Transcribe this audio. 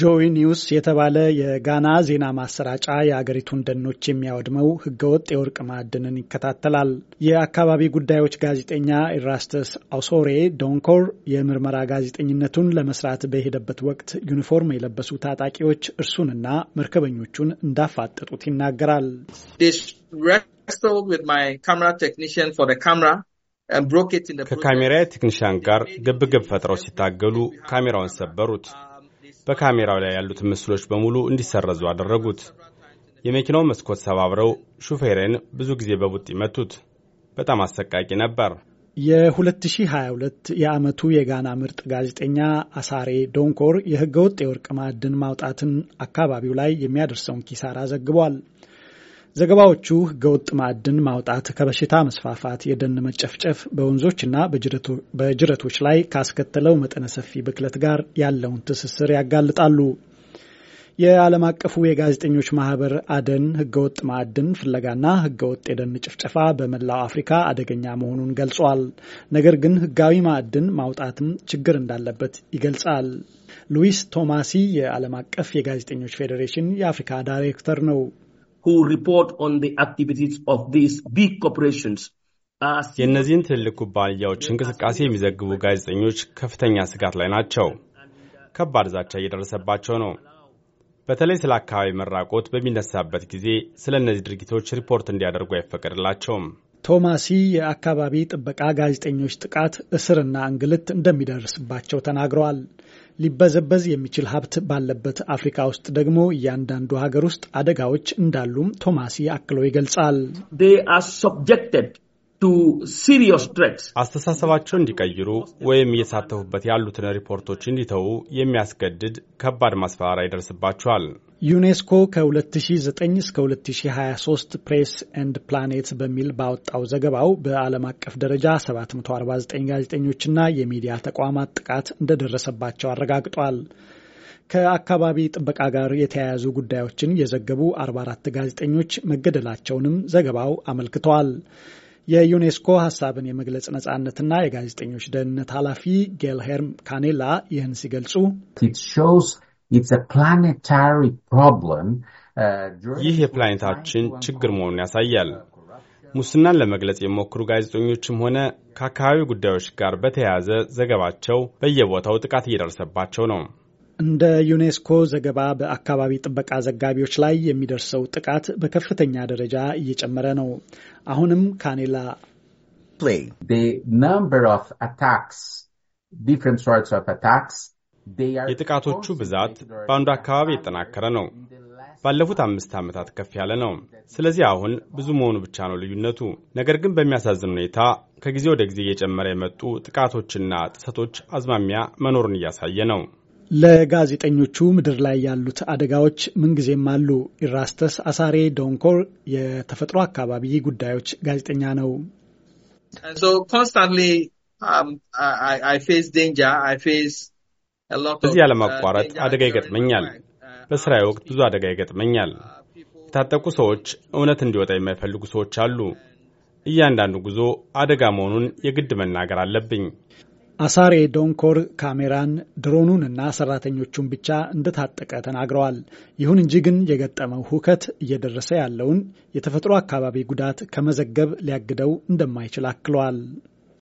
ጆይ ኒውስ የተባለ የጋና ዜና ማሰራጫ የአገሪቱን ደኖች የሚያወድመው ህገወጥ የወርቅ ማዕድንን ይከታተላል። የአካባቢ ጉዳዮች ጋዜጠኛ ኢራስተስ አውሶሬ ዶንኮር የምርመራ ጋዜጠኝነቱን ለመስራት በሄደበት ወቅት ዩኒፎርም የለበሱ ታጣቂዎች እርሱንና መርከበኞቹን እንዳፋጠጡት ይናገራል። ከካሜራ ቴክኒሽያን ጋር ግብግብ ፈጥረው ሲታገሉ ካሜራውን ሰበሩት። በካሜራው ላይ ያሉትን ምስሎች በሙሉ እንዲሰረዙ አደረጉት። የመኪናው መስኮት ሰባብረው ሹፌሬን ብዙ ጊዜ በቡጥ ይመቱት በጣም አሰቃቂ ነበር። የ2022 የዓመቱ የጋና ምርጥ ጋዜጠኛ አሳሬ ዶንኮር የህገወጥ የወርቅ ማዕድን ማውጣትን አካባቢው ላይ የሚያደርሰውን ኪሳራ ዘግቧል። ዘገባዎቹ ህገወጥ ማዕድን ማውጣት፣ ከበሽታ መስፋፋት፣ የደን መጨፍጨፍ፣ በወንዞችና በጅረቶች ላይ ካስከተለው መጠነ ሰፊ ብክለት ጋር ያለውን ትስስር ያጋልጣሉ። የዓለም አቀፉ የጋዜጠኞች ማህበር አደን ህገወጥ ማዕድን ፍለጋና ህገወጥ የደን ጭፍጨፋ በመላው አፍሪካ አደገኛ መሆኑን ገልጿል። ነገር ግን ህጋዊ ማዕድን ማውጣትም ችግር እንዳለበት ይገልጻል። ሉዊስ ቶማሲ የዓለም አቀፍ የጋዜጠኞች ፌዴሬሽን የአፍሪካ ዳይሬክተር ነው። who report on the activities of these big corporations. የእነዚህን ትልልቅ ኩባንያዎች እንቅስቃሴ የሚዘግቡ ጋዜጠኞች ከፍተኛ ስጋት ላይ ናቸው። ከባድ ዛቻ እየደረሰባቸው ነው። በተለይ ስለ አካባቢ መራቆት በሚነሳበት ጊዜ ስለ እነዚህ ድርጊቶች ሪፖርት እንዲያደርጉ አይፈቀድላቸውም። ቶማሲ የአካባቢ ጥበቃ ጋዜጠኞች ጥቃት፣ እስርና እንግልት እንደሚደርስባቸው ተናግረዋል። ሊበዘበዝ የሚችል ሀብት ባለበት አፍሪካ ውስጥ ደግሞ እያንዳንዱ ሀገር ውስጥ አደጋዎች እንዳሉም ቶማሲ አክሎ ይገልጻል። አስተሳሰባቸው እንዲቀይሩ ወይም እየተሳተፉበት ያሉትን ሪፖርቶች እንዲተዉ የሚያስገድድ ከባድ ማስፈራሪያ ይደርስባቸዋል። ዩኔስኮ ከ2009 እስከ 2023 ፕሬስ ኤንድ ፕላኔት በሚል ባወጣው ዘገባው በዓለም አቀፍ ደረጃ 749 ጋዜጠኞችና የሚዲያ ተቋማት ጥቃት እንደደረሰባቸው አረጋግጧል። ከአካባቢ ጥበቃ ጋር የተያያዙ ጉዳዮችን የዘገቡ 44 ጋዜጠኞች መገደላቸውንም ዘገባው አመልክተዋል። የዩኔስኮ ሀሳብን የመግለጽ ነጻነትና የጋዜጠኞች ደህንነት ኃላፊ ጌልሄርም ካኔላ ይህን ሲገልጹ uh, ይህ የፕላኔታችን ችግር መሆኑን ያሳያል። uh, ሙስናን ለመግለጽ የሞክሩ ጋዜጠኞችም ሆነ ከአካባቢ ጉዳዮች ጋር በተያያዘ ዘገባቸው በየቦታው ጥቃት እየደረሰባቸው ነው። እንደ ዩኔስኮ ዘገባ በአካባቢ ጥበቃ ዘጋቢዎች ላይ የሚደርሰው ጥቃት በከፍተኛ ደረጃ እየጨመረ ነው። አሁንም ካኔላ የጥቃቶቹ ብዛት በአንዱ አካባቢ የጠናከረ ነው። ባለፉት አምስት ዓመታት ከፍ ያለ ነው። ስለዚህ አሁን ብዙ መሆኑ ብቻ ነው ልዩነቱ። ነገር ግን በሚያሳዝን ሁኔታ ከጊዜ ወደ ጊዜ እየጨመረ የመጡ ጥቃቶችና ጥሰቶች አዝማሚያ መኖሩን እያሳየ ነው። ለጋዜጠኞቹ ምድር ላይ ያሉት አደጋዎች ምንጊዜም አሉ። ኢራስተስ አሳሬ ዶንኮር የተፈጥሮ አካባቢ ጉዳዮች ጋዜጠኛ ነው። እዚህ um, ያለማቋረጥ uh, አደጋ ይገጥመኛል። uh, በስራዬ uh, ወቅት ብዙ አደጋ ይገጥመኛል። የታጠቁ ሰዎች፣ እውነት እንዲወጣ የማይፈልጉ ሰዎች አሉ። እያንዳንዱ ጉዞ አደጋ መሆኑን የግድ መናገር አለብኝ። አሳሬ ዶንኮር ካሜራን ድሮኑንና ሰራተኞቹን ብቻ እንደታጠቀ ተናግረዋል። ይሁን እንጂ ግን የገጠመው ሁከት እየደረሰ ያለውን የተፈጥሮ አካባቢ ጉዳት ከመዘገብ ሊያግደው እንደማይችል አክለዋል።